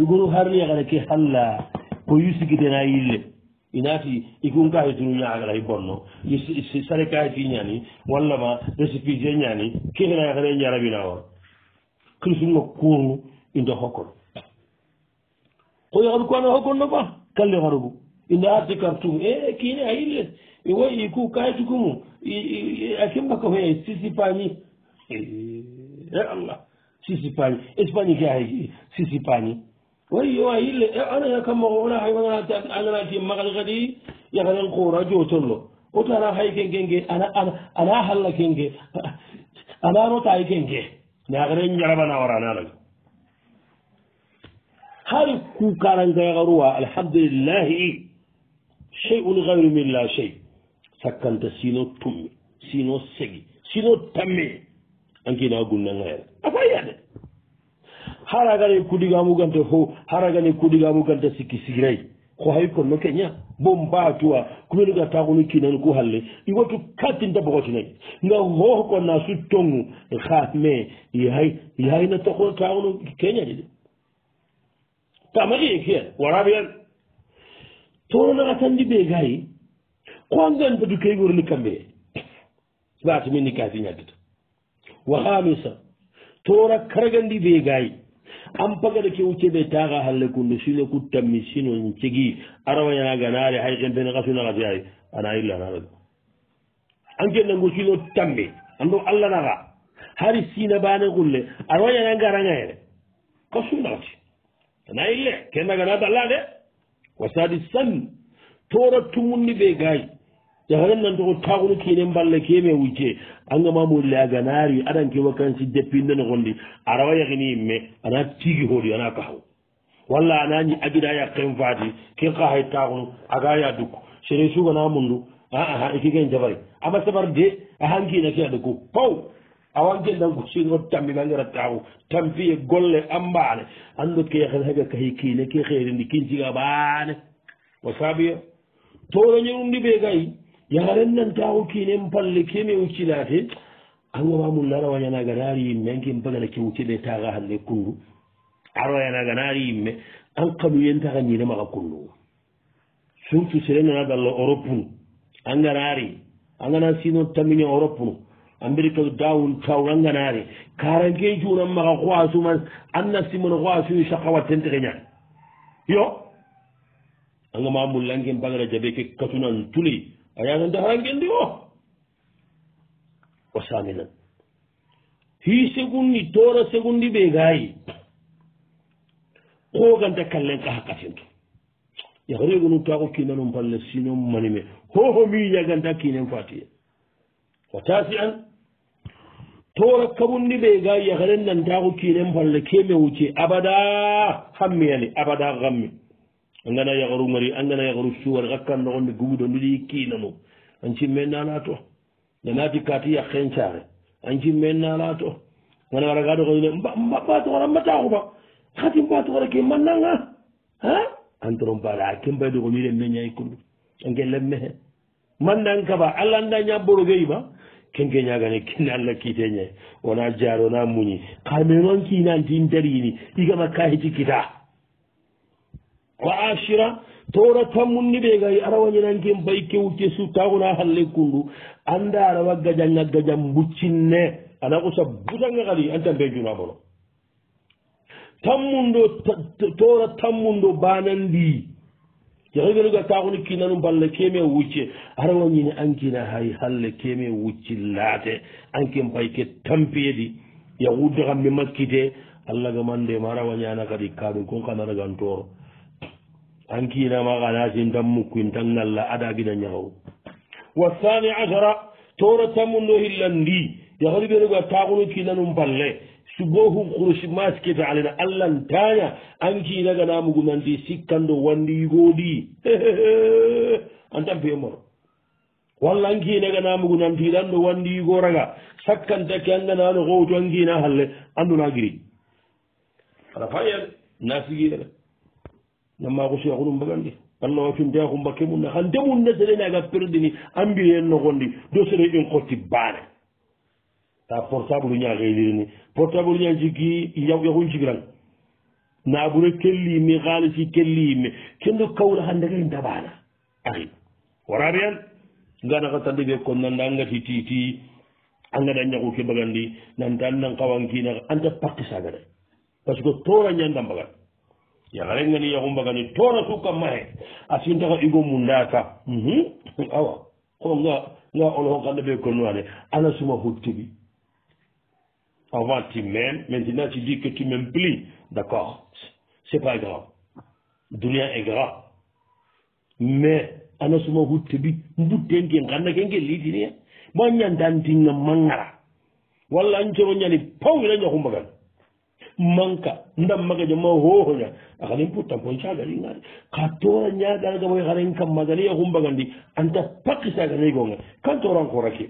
yugoru harniya kada ke halla ko yusikitena yille inaati ikun kaye tunu ñaagala i bonno sare kayeti ñani wallama recipicé ñani kehenaa kada ñarabinawa e kirisuma kuurnu into hokkon koyaxadu kuano hokkon no ba kalle xadugu inda arti cartum e kiine e, e, a yille way ku kayetukumu a kembako fe sisipani e allah sisipani espagne ke a sisipani wayyo a yille anaya eh, kammao ona hayanaati magalgadi yaganan kora jotonno oto ana hay kengenge ana halla kenge ana rota ay kenge naagare ñarabana waranaalag har kukarangayagaruwa alhamdulillahi cheyun gayru minla chey sakkanta sino tumme sino segi sino tamme ankina gunnangayara afayade haragane kuɗigamuganta fo haragane kuɗigamuganta sikki sigiray ko hay konno keña bo mbatuwa kuɓeluga taxunu kinani ku halle i watu kattinta bogotinay nga hoox konna su tongu xa me yahay yahay na taxuna taxunu keña dede tamaxie kiyen waraɓiyan tonanaxa tandi ɓe gayi koangan fatu key worni kamɓe batimi ni kasi ñaggita waxamisa tora karagandi ɓe gayi an pagata ke uceɓe taaka halle kunde sino kuttanmi sino n cegi arawayanaganaare hay kempene kasuna kasi ay ana illa naaga ankennango sino tambe ando allah naka hari sina bane kulle arawayanangarangaere kasuna kati ana ille kennaganaata allah de wasadi san toora tumunni ɓe gaye yaharen nan togo taguno kenen balla keme wucce anga ma mori laga nari adan ke wakansi deppindeno gondi arawa yahini imme ana tigi hoodi ana kahaw walla anañi agida yakken faati ken kahay taguno aga ya dukko sere sugana mundu aa ikiken jabari ama sabar de ahankina ke adukko paw awankendanko sino tambinangera tagu tampiye golle ambaane ando ke yahen haga kahi kine ke herindi kincigaɓaane wasabiya toroñerundi ɓe gayi yagaren nan ta hukinen falle ke mai wuci lafe an gaba mun na rawa yana ga nari yin mai yankin fagana ke wuce bai ta ga halle kundu a rawa yana ga nari yin mai an kalu yin ta ga nile maka kundu sun su sire na da la europe nu an ga nari an gana sino ta minya europe nu an bi ka dawun tawun an ga nari karan ke junan maka kwasu man an na simon kwasu yi shakawa ta ta yo an gaba mun lankin fagana jabe ke katunan tuli a yaanan da hangel nde o o saminan hi segundi toora segundi ɓe gayi koganta kallenka hakkatinto yaha reego num taako kinanum palle sinon manime hoho mi yaganta kinen fatiye o taasi an toora kabundi ɓe gayi yaha ren nantaako kinen palle ke me wuce abada hammiyani abada gammi a ngana yakaru ngari a ngana yakaru suwar akkannoxonde guwido ndiɗi kiinanum an cimme nala to nanati kati yakken care an cimme nala to ngana waragaɗoxoyle mbatoxora mbataxuma xati mbatoxora ke mannanga a antoronpaare a ke mbay ɗoxoyire me ñayi kundu a ngelem mexe mannang kaba allanda ña borogeyima kenke ñagane kene alla kiite ñayi wona jaar ona muñi xa menoan kiinantin darini igama kayeti kita ko ashira towra tammunniɓe gay ara wañinankin bay kewte suttaguna halle kundu anda ara wa gajanga gajam buccinne ana usa butanga kali antan be juna bolo tammundo towra tammundo banandi yaxegeluga taxuni kinanu balle keme wucce ara wañini ankina hay halle keme wucci laate ankin bayke tampeedi yahudde xammi makkite allagamande ma ara wañana kadi kaɗum kun xanaragan toro ankina maganasin tan mukkin tan ngalla adagina ñahow wasani asara tora tammun no hillandi yahodi ɓerego taakunu kinanum palle sugo hunkurusi maskete alena allantaña ankinaganamugu nandi sikkando wandi yigoɗi antan pemoro walla ankinaganamugu nantiɗan no wandi yigoraga sakkantake anganano howto ankina halle anduna giri ala fayyere nasigiyere yamma ko suya ko ɗum mbaɗandi allahwa fimdea ko mbakke mum ne han ndemum ne seɗene aga perdini ambiri hen nogondi do seɗe ɗin kotti baane ta portable uña heylirini portable uña jiggi yaw yahun jigiran naabure kellimi haalisi kellimi kendo kawla hannde kay dabaana ahi waraɓe yan nganaka tande ɓe konnanda angati titi a ngada ñaguke mbagandi nanta annan kawankina anta partisagada par ce que toora ñanda mbagat yagarengani yagumbagani tona tuka mahe asintaka igo mundaka mhm. awa ko nga nga olohon kanda ɓe konnoade ala suma hottiri avant tu m'aimes maintenant tu dis que tu m'aimes plus d'accord c'est pas grave dunia est grave mais ana suma huttibi mbuttenke ganna kenke liitinia ma ñantantinga mangara walla an coro ñani paw ila ñahumbagan manka ndam makejo ma hohoña akanin pourtant koy cagali ngari ka tora ñagalgaboy xaren kam magali a xumbagandi anta paki sagaleygonga kan torankorake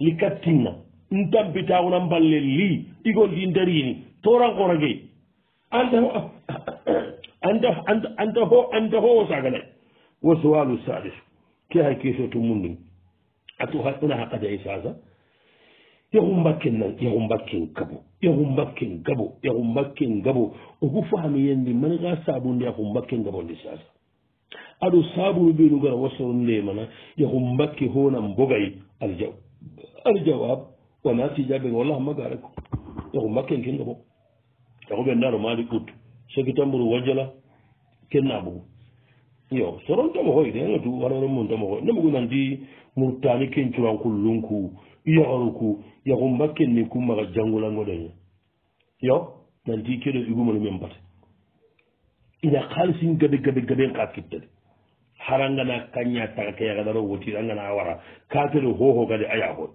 li kattinna ntampitaxuna mballe li igondi ndarini torankorake anta ho anta ho sagale wa sowalu sadis ke hay keso tu mundum atuna xaqadai sasa yehumbakken nan yehumbakken gabo yehumbakken gabo yehumbakken gabo ogu fahami yendi mani ga sabunde yahumbakken gabondi sasa aɗo sabunu ɓenugara wasoro ndemana yahumbakke honan bogay aljawab wana tijaɓen wallahamagareko yahumbakken ken gabo yahuɓendaro mali ut soki tamburu wajala kennabugu yo soron tomo hoyde ŋatu warwaro mon tomo hoy nemugu nandi murtani kencuran kullunku yoxoruku yaxumba kenni ku maxa jangulangodoña yo nanti keɗo igumano men bate ina xaalisin gade gade gaden xa kittade harangana kaña taxa ke yaxadaro wotir angana awara ka keɗo xooxo gade a yaxoy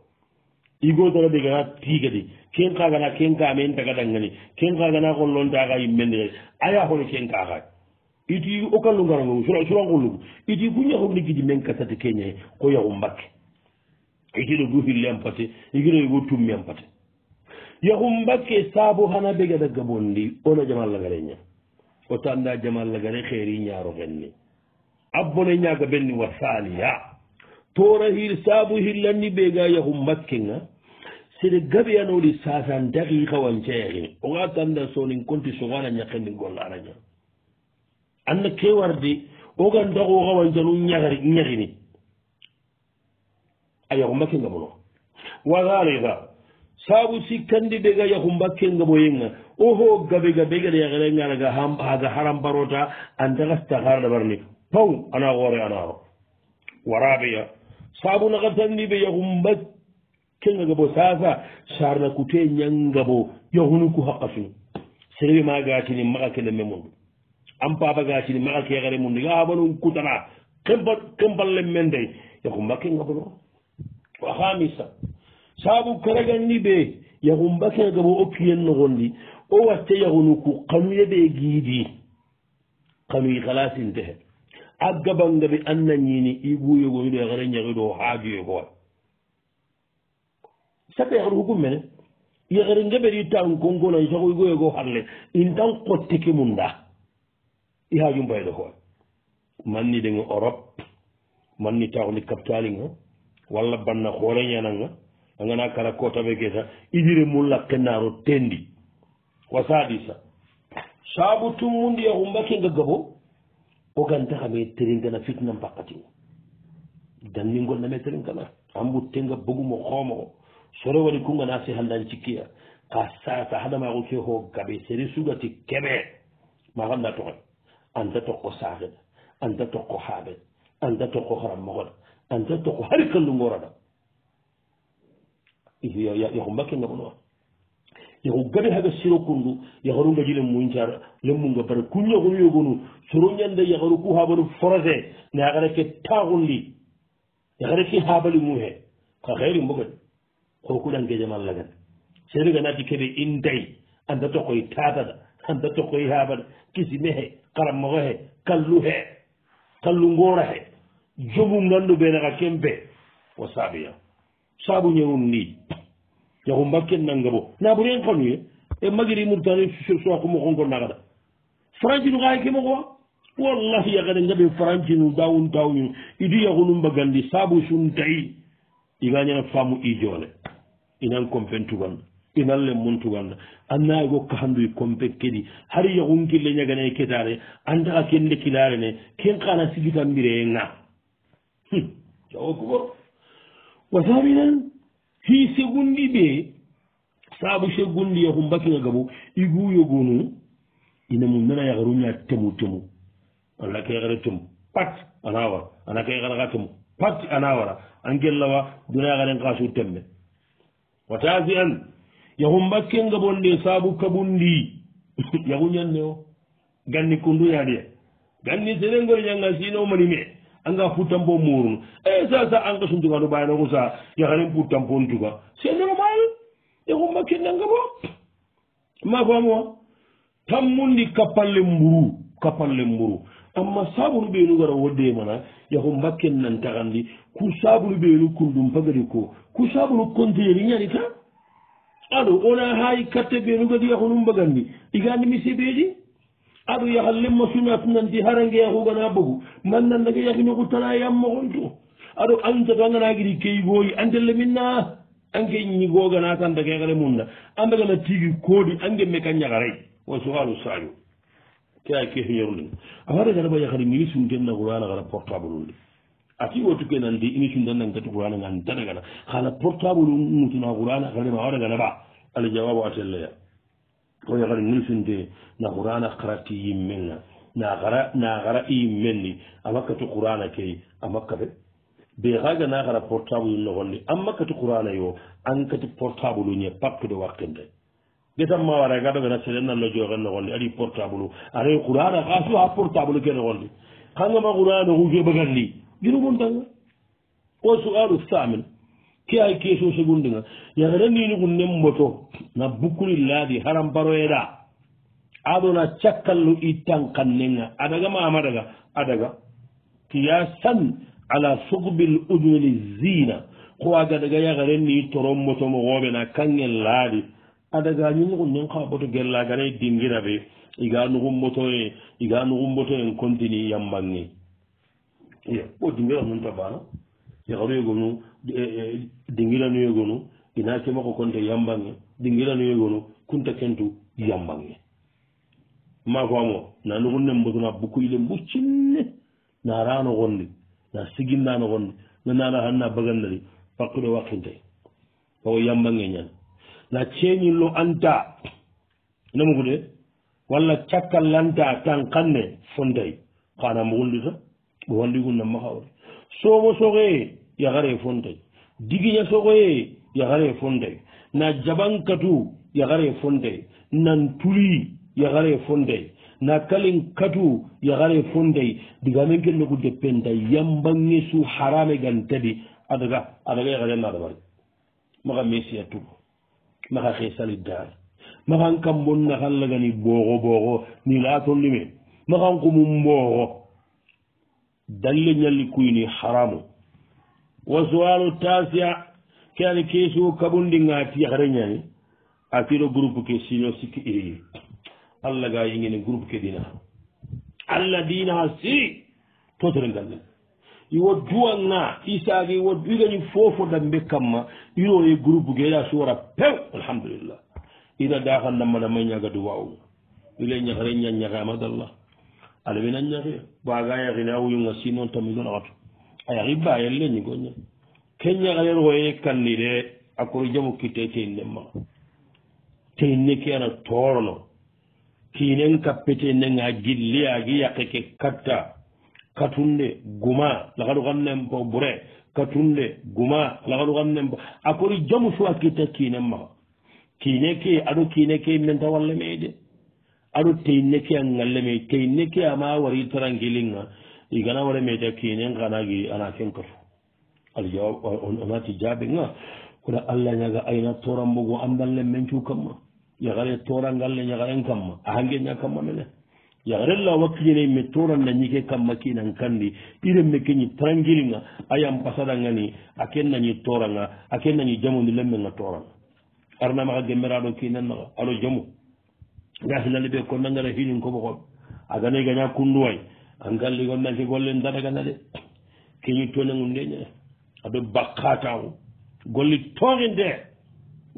igotara degana tigadi ken kagana ken kamen tagadangani ken kagana xollontaxa yimmendi xay a yaxone ken kaxay iti okallungarangu surangullugu iti ku ñaxurni gidi men kasati keñaye ko yaxum bakke hino duhillempate hino yogo tummiyempate yahum bakke saabu hana begadagga bondi ona jamallagare ña o tanda jamallagare xeeri ñaaro genni abbone ñaaga benni wa saaliya toora hil saabu hillanni beega yahum bakke nga sede gabiyanoli saasan daqiixawanceexin oga tanda soonin conti sogana ñaqenni gollaaraña anna ke warde ogan daqooxawancanu ñaxini a yaxu mbakkengamono waxaalaga saabu sikkandi ɓega yaxu mbakkengamoyenga oho gabe ga ɓegana yaxerengalaga haga haran barota antaxasta xara ɗabarni paw ana xoore anaro waraɓeya saabu naxatandi ɓe yaxu mbakkengagabo sasa sarna cute ñangabo yaxunu ku xaqa sunu serɓe magatini maxa ke lemme mundu an papagatini maxa ke xere mundu ga abanun kutana kempallemmen day yaxu mbakkengabonoro wa hamisa saabu karaganni ɓe yahum bakegabo okkiyen nogondi o watta yahunu ku kanuye ɓe giidi kanuyi halasintehe aggabangaɓe annañini iguyogoniɗo yahare ñahiɗo haajuye goa sakka yahar hukum mene yahare ngeɓeɗi tan konngonan sahoygoye go harle in tan qotteke mum da i haajum bayɗo hoa manni ɗen europe manni tawni capitalinga walla banna hooreñananga angana kala kotaɓe geta idire mu lakkenaro tendi wasaɗisa saabu tummundi ya e humbakinga gabo o ganta kame teringana fitna mbakkatinga danndingol name teringana ambu tenga bogumo xoomoo sore waɗi kungana si hallan cikkiya ka sata hadamaxu ke ho gaɓe seri sugati keɓe maxa na toxe anta toqo saxeda anta toqo xaɓed anta toqo xaram moxoda anta toko hari kallugorana yaho mbakkennabanoa yaho gabe haga siro kundu yaharunga ji lemmuncar lemmunga bara kuñagonu yogonu soroñanda yaharu ku habaru forase na yagara ke taxundi yagara ke habali mu he ka xeeri mbogad kokuɗangejamanlagan seede ganati keɓe intay anta tokoy tatata anta tokoy habada kisime he karammoxo he kallu he kallu ngora he jogum nanndu be naka ken be o saabiya saabu ñawum ni yaku mbakken nannga bo na buren konuye e magiri murtani sowakumo konko nakata francinu kaa kemo koa wallahi yakade ngaɓe francinu dawun tawñum idi yakunum mbagandi saabu sum tayi igañana faamu ijoole inan compen tuganna inan len mun tuganna annaye go kahanduy compe kedi har yakun kille ñaganee ketaare antaka kenle kilaare ne ken kaana sigitan mbire e ŋa jawoko hmm. gor wa saminan hii segundi ɓe saabu segundi yahu mbakkinga gabo igu yogonu ina mum nana yakaruña temu temu ala kexere temu pat anawara ana kexerega temu pat anawara an gellawa duna yakaren kasu temme watasi an yahu mbakke ngabonde saabu kabundi yahuñanneo ganni kunduñadiye ganni serengoriñanga sino manime anga futtanpo morunu e sa sa angasuntugano bayano ko sa yakanin puttanpontuga sendeno mayi eko makkinnangabo ma famo tammundi kapalle mburu kapalle mburu amma sabunu ɓeenu gara woddemana yako mbakken nan tagandi ku sabunu ɓeenu kundum pagadi ko ku sabunu conteneri ñanita ado ona hay katte ɓeenu gadi yakonu mbagandi igandi mi sebeji aɗu yahal limmo sumatnandi harange yahugana bogu nannan nage yahñugutana yamma honto aɗo anjato ananagiri key gooyi andelle minna anke ñigogana tan dagegale munna andagana tigi koodi ange me kañagaray wa sualu sajo kea kehñorni afaɗa gadaba yahari mi yisum tenna guranagara portable nde ati wotuke nandi imission dannangati guranagan danagana hala portable ngutuna gurana hadema waɗa gana ba ala jawabu atelleya o yagar nulfinde na qurana karati yimmenga na gara yimmenni amakkati qurana ke amakkaɓe be xaga na gara portable noxonni amakkati qurana yo ankati portable ñe pakkude wakkinde getanma wara gadogana serenallo jooxen noxonni aɗi portable are qurana xa suwa portable ke noxonni xangama qurana noxu ke ɓagandi ginumuntanga o suganu samin kiya keso segundiga yagrenini gu nemboto na bukuri ladi haran baroyeɗa aɗona cakkallu ittan kannega adaga mamadaga adaga kiya san ala sugbi l udne li zina ko aga daga yagrenni torommoto mogoɓe na kangen laadi adaga ñinigu nen xa boto gellagana dingira ɓe iga nugumbotoe iga nugumbotoen continue yambange ɓo dingira nunta bana yagaruyegonu E, e, dingilanuyegonu ina kemako konte yambange dingilanuyegonu kunta kentu yambange ma kwamo nanugu nembotona bukuile mbuccinne na rano gondi na siginnano gondi nanana hanna bagandari pakkude wakkinte ao yambange ñan na ceñillo anta nemugude walla cakka lanta tan kanne fontay kana mugundita wandigunne makawri somo sogee yahare fontay digiña sogoye yahare fontay na jabankatu yahare fontay nan turi yahare fontay na kalin katu yahare fontay digamen ke nogu deppenta yambange su harame gantadi adaga adaga yahareena adabar maxa mesiya tubo maxa xesali dar maxan kam bon naxan lagani booxo booxo ni laatolli me maxan kumu booxo dalle ñalli kuyini haramu wa suwalu tasia ke ani kesuo kaɓundi gati yakreñani a kiɗo groupe ke sino sikki iriyi allah ga yingene groupe ke dina allah dina ha si totore ngallen iwo duwanga isaki iwo igañi fofo dambe kamma iro ye groupe geeɗa suwara pew alhamdulillah ina daaka namanamay ñagadu wawum ile ñakre ñañaxe amadallah alaɓena ñaxe baga yaxine awuyunga sinon tamiɗo naxatu a yaxi baayel le ñigo ña ke ñaxarer xoye kannire a kori jamu kitte teyin ne maxa teyin ne ke ana toorono kiinen kappe teyin nenga gilli yaagi yaqe ke katta katunde guma laxaru xam nempo bure katunde guma laxaru xam nempo a kori jamu suwa kitta kiinen maxa kiine ke aɗo kiine ke menta walla mee de aɗo teyin ne ke a ngalle mee teyin ne ke ama wari tarangilinga i gana wara meta kiinen gana gi ana ken kato aljawab onati jaabe ga kuda allah ñaga ayna toranmbogo andan le men cuu kamma yagare torangal le ñagaren kamma a hange ña kamma mene yagare lawa kiine me toranna ñike kamma kiinan kandi iren me keñi tranguille nga ayan pasadanga ni a ken nañi toranga a ken nañi jamondi le men ga toranga arna maxa gemmeraɗo kiinen naxa alo jamu gasilale ɓe konnangara hinin koɓoxoɓe a ganay gaña kunduway an galli gon nanke gollen dadagana de keñi tonagum deña aɗo bakkatawo golli toxinde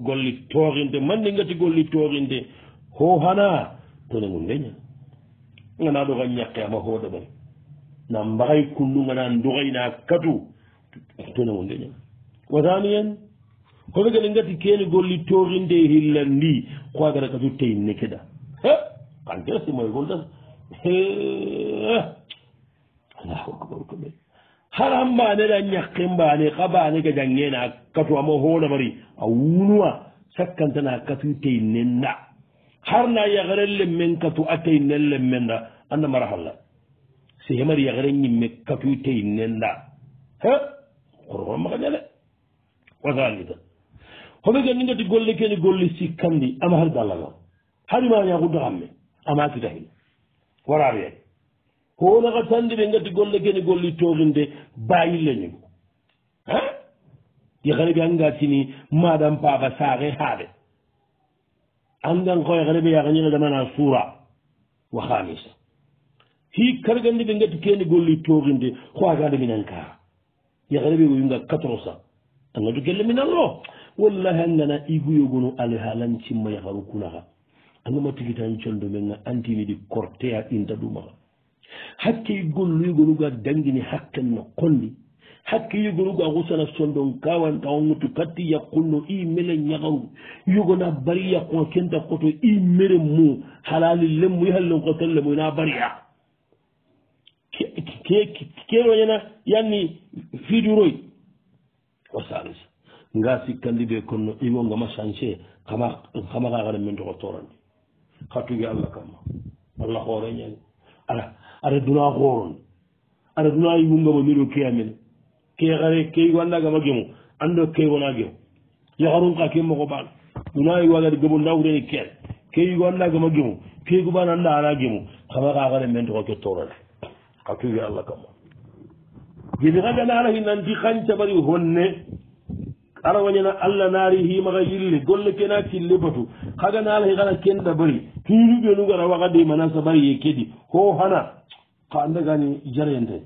golli toxinde mande gati golli toxinde ho hana tonagum deña ngana ɗoxa ñakke ama hoɗoɓay na mbaxay kullu ngana nduxayna katu tonagum deña wasani en hoɓe gene gati kene golli toxinde hillandi koagara katu tey nekeɗa kanteresi moy goldas الله أكبر كبير حرام بانه لن يقيم بانه قبانه جنجينا كتو أمو هون مري أونوا سكنتنا كتو تيننا حرنا يغر اللي من كتو أتين اللي من أنا مرح الله سيهمر يغر اللي من كتو تيننا ها قرغم مغنالة وغالدة هم يجب أن يقول لك أن يقول لك سيكاندي أما هل دالله هل ما يقول لك أما تدهي waraɓe en honaka tande ɓe gati golle kene golli torinde bayille ñum ha yahane ɓe angatini madame papa saare haaɓe andan koye hane ɓe yahañere damana suura wa hamisa hi kargande ɓe gati kene golli torinde hoagade minan ka yahane ɓe woyunga katrosa a gatu kelle minan lo wallahi angana iguyogono alhalancimma yaharu kunaha anguma tigi tan condu men ga antinidi cortea inta ɗuma hakke yigolluyigolugo a dangini hakkenno konni hakke yigolugo a husana sondon kawanta onmutu katti yakkunno i mele ñagaru yogona bari yakkua kenta koto i mere mu halali lemmu i hallen kotan lemu ina bariya keroñana yanni fiduroy o salisa nga sikkandi ɓe konno imo ngama changé kama kama kaxare men toko torandi hattuge allah kamma allah hooreñani e ala ara duna hooron ara duna yumgama e mino ke amen ke hare key wandagama gemu ando key wona gemu yaharunka ke mogo ɓan dunayi wagade gebo nawreni keen keyi wandagama gemu keygu ɓan anda ana gemu kama ka hare men toko kettorade hattuge allah kamma jeni hagana ala hinanti hancabari honne ara wañana allah naari hi maxa yilli golle kena killi batu xaga naala i xana kenda bari tuuruɓenu gara waxadi mana sabari ye kedi ho xana xa andagani jareyente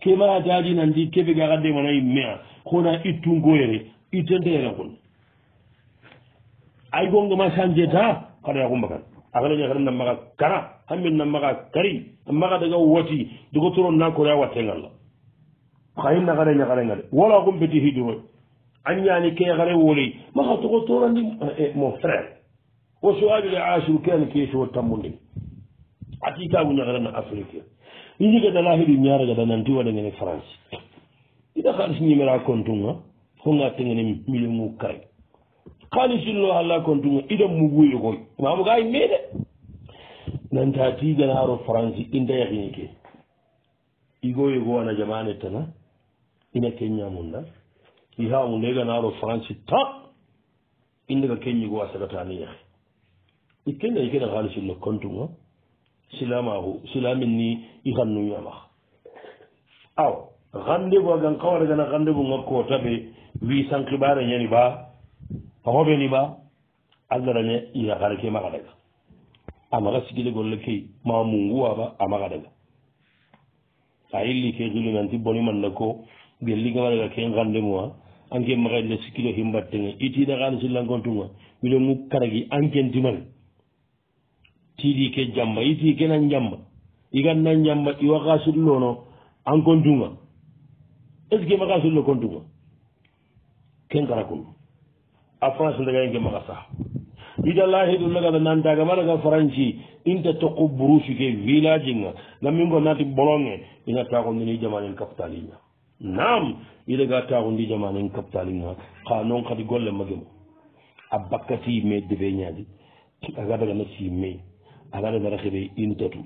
kemaa dajinandi kebega xa demana i mea xona ittungoyere ittenteyere xun ay gongama changer ta xada yaxumbakan axeleñaxere namaxa kara xamben namaxa kari maxa daga wati dogotoro na koraya wattengalla xayi naxareñaxarenga de wala xumbeti xidoroy añaani keexare wolay maxa toxo toorandi eh, eh, mon frère wo soaɓile ashiru keani keesowo tammundin ati kaagu ñaxirana africain iñigadalaxidu ñaaragada nanti waɗangene france ida xaalis ñimera contunga fonga tengene million u kare xaalis illo alla contunga ida muguyi xoy mamu gaay meede nanta ti ganaaro france inta yaxini ke igoyigo ana jamane tana ina kenñamunda yihaamu neganaaro franci ta indega keñigo a sagataani yahe i kenna i kena haalisinno comptunga silamaaxu silamin ni i xannuñamaxa aw xandebu a gan xawaregana xandebunga koota ɓe wiisan xibareñani ba axoɓeni ba allarane ina xareke maxa ɗaga a maxa sigile golle key ma munguwaɓa a maxa ɗaga a yilli ke xilinanti boni manna ko gelligamaɗaga ken xandemuwa anke maxaile sikkilo xi mbattenge itiida xaalisilangontunga wile mu karagi ankentimal tiidi ke jamba iti kena jamba iganna jamba iwaxa sullono ankontunga est ce que maxa sullo kontunga ken karakunu a france ndagaenke maxa sa ida lahidu lagata nantagamalaga franci inta toqu brouche ke village nga ngammingo nati bolonge ina taxo ndini jamanen capitalina nam ida ga taxu ndijamanen kaptalinga xa noong xadi golle magemo a bakka si me defe ñaadi aga dagana si me aga dagana xebe intatu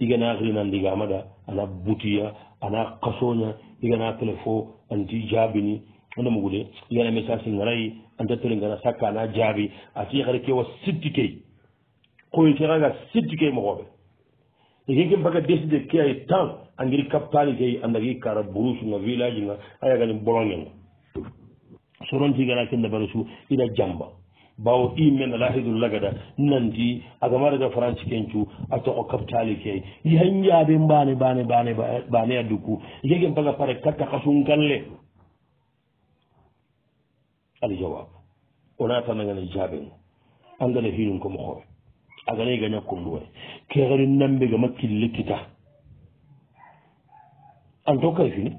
igana xirina ndigamada ana butiya ana xasoña igana telefo anti jaabini ona mugude igana message ngaray anta telengana sakka ana jaabi a siixare kewa sidti key xoyi ceexaga sidti key moxooɓe ekinke mbaga décider ke ay temps andiri kappalite andaki kara brouse nga village nga ayagani bologne nga soronti gara kende barasu ina jamba bawo imen lahidu lagada nanti agamaraga france kencu a toxo kaptali ke yihan jaɓe mbane bane bane bane a dukku yegen paga pare katta kasunkan le ali jawab onatanagana jaɓenga angana hinum komo xoowe aganayi gaña kunduwe ke xeni nambega ma killekita en tout cas fini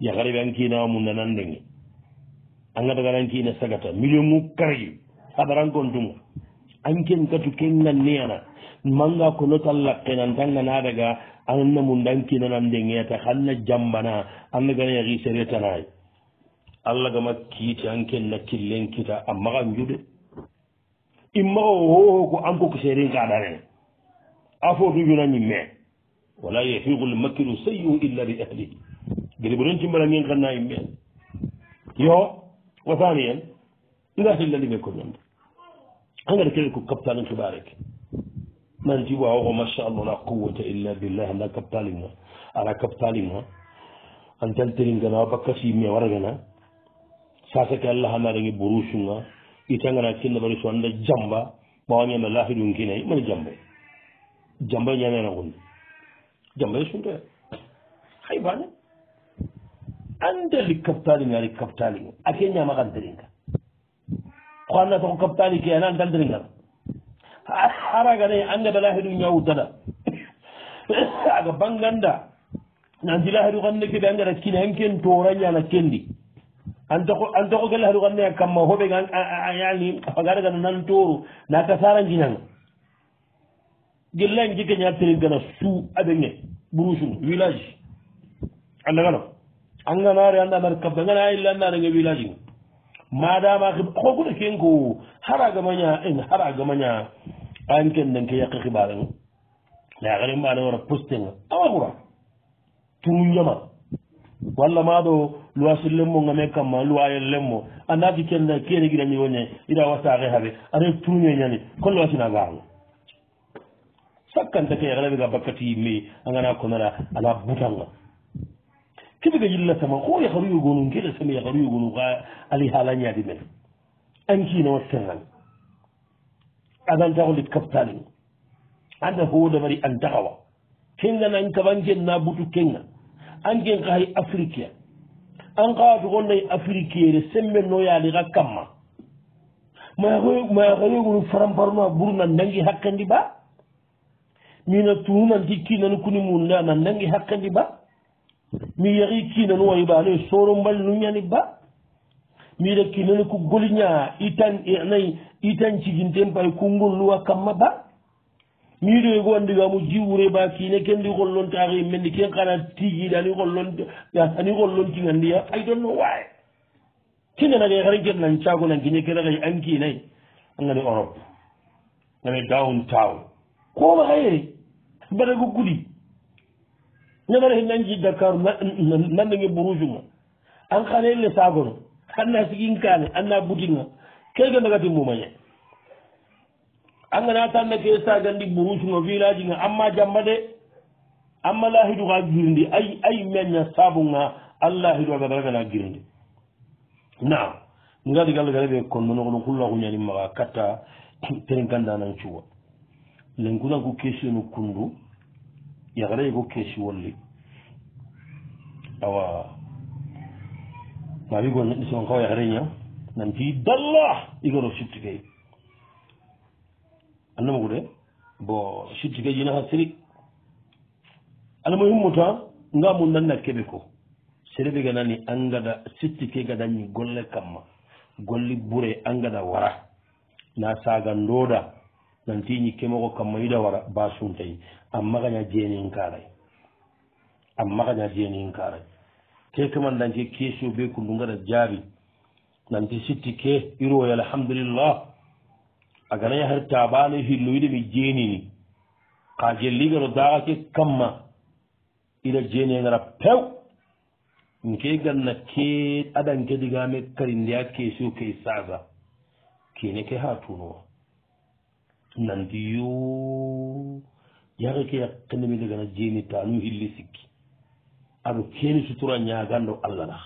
yakareɓe ankinawa mum nananndegi angata garankina sagata million u karji habarankontuma anken katu kenganniyana manga ko notal lakkenan tanganadaga anna mum dankinanandegeta hanna jambana anna gana yahi seretanay allah gama kiiti anken nakkillen kita amagan jude immaga hoho ko anko ko serin kaɗarene a fotujunañimmee wala yahiqu lmakiru sayyuhu illa bi ahlihi gede ɓonen timbala ngen kanna yimɓeen yo wasani en ngatillalime ko ñande hangada kelel ko kaptalin kibareke nanti wawoko oh, machallah la quwata illa billah anda kaptalinga ara kaptalinga antalteringana bakkasimi waragana sasake allahanarengi brusunga itangana kinnabari so anda jamba mawañame lahidunkinayi mani jambe jambe ñanena gunde jamba yesuntoya hay bane andali kaptali ngari kaptali nga a ke ñama xan deringa ko anna toko kaptali ke ana andal deringa xaragane anga da lahiru ñawu dana aga banganda nanti lahiru xanne keɓe angara kine an ken toora ñana kendi antoko ke lahiru xanne a kamma hoɓega a ñani a fagaragana nan tooru na kasara ngiñanga gellaani jikke ñaatenel gana suu aɓeŋe brusu village anda gano anganaare anda nar kabga ngana ayilla andanange village ŋ madama xib oxo kuna keng ko haragamaña en haragamaña eh, an ken nen ke yaqe xibaarenŋ layaxene mbaanewara postenga awaxura tunu njama walla maado loi sillemmonga me kamma loyel lemmo anda ki kenna kene gida ñigo ne ida wasaxe xabe ane tunuñoñani kon loi sinagaxanga sakkantake yaxalaɓega bakkati yimme angana konara ala butanga keɓega yillatama ko yaxaru yogonun ke xesame yaxaru yogonu xa ali halañadi mene ankinawa serran adantaxo lit kaptanin anta fowo damari antaxawa kenga nan kabanken na butu kenga anken xaxay africa an xaatuxo nay africere semme noyali xa kamma mayaxaro yogonu faramparuna buru na ndangi xakkandi baa mino tuuman di kiinanu kuni mun nde ama nangi hakkandi ba mi yahi kiinanu wayi ba ano soro mbal nuñani ba miida kiinanu ko goliña itan nayi itan ciginten pay kungol luwa kamma ba miido e go wandigamo jiwure ba kiine kendi hollonta ahi mendi ken kana tigiida ani hollont ani hollontingandiya ay donno waye kinde nagay haren ken nan cago nan kine kene kay an kiinayi angani europe ngani downtown koma hayeri mbaɗago guɗi nanara he nanji dakar nandage bourouge mo an xane le sagono anna sigin kane anna boutiqe kega ndagati mumañe a ngana tanna ke sagandi bourouge ngo village nga amma jamma de amma lahidu xa girindi ay ay meña sabu nga allahidu a gadaragana girindi na ngadiga algarebe kon monoxono xullaxuñanimaxa katta terenkandanan cuwa lenkunaku questionu kundu yagrayi ko keesi wolli awa ma wigo neɗɗo soon kawa yagrayña nanti dalla igono subtikeyi annama gude bon subtikeyi jinaha séri alama yummuta nga mu nanna keɓe ko sereɓe ganani an gada subtike gadañi golle kamma golli ɓure an gada wara na saga ndooɗa nantiñi kemogo kamma yiɗa wara basuntayi ammagaña jeenin kaaray ammagaña jeenin kaaray ke kaman nanti question be kundu ngaɗa jaabi nanti sitti ke iroy alhamdulillah agana yahar taabaano hillo yiɗe mi jeenini ka jelligano daakake kamma ira jeenengara pew nke ganna ke aɗanke digame kari ndeya kesio kei saasa kene ke haa tunowa nanti yo yaro ke ya kene mi daga na jini ta lu hilli sikki aro kene sutura nya gando allah na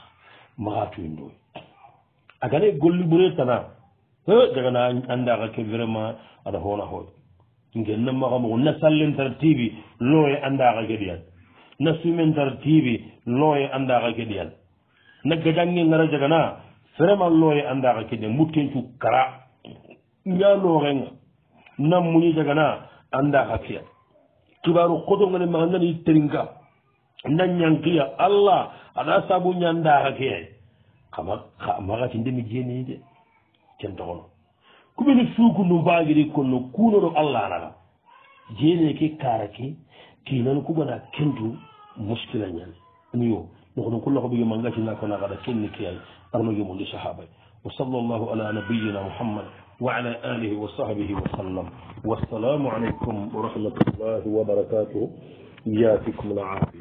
ma tu indo aga ne golli bure tana he daga na anda ga ke vraiment ada hona ho ngel na ma ga mo na sallin tartibi loye anda ga ke dial na sumen tartibi loye anda ga ke dial na ga dangi ngara daga na vraiment loye anda ga ke dial mutin tu kara nya lo renga na muni daga na anda ga ke dial kibaru kotongene ma nani teringa na ñankiya allah aɗa sabu ñandaaka ke ay kama ka magati ndemi jeni de ken togono kumeni suukundu mbagiri konno kunoro allah anaga jeene ke kara ke kinan kugona kentu muskila ñane ɗum yo nokono kulla koɓe yo magatinakonagaɗa kenni ke ay arno yomundi sahabay wa sall llahu ala nabiyina muhammad وعلى آله وصحبه وسلم والسلام عليكم ورحمة الله وبركاته ياتكم العافية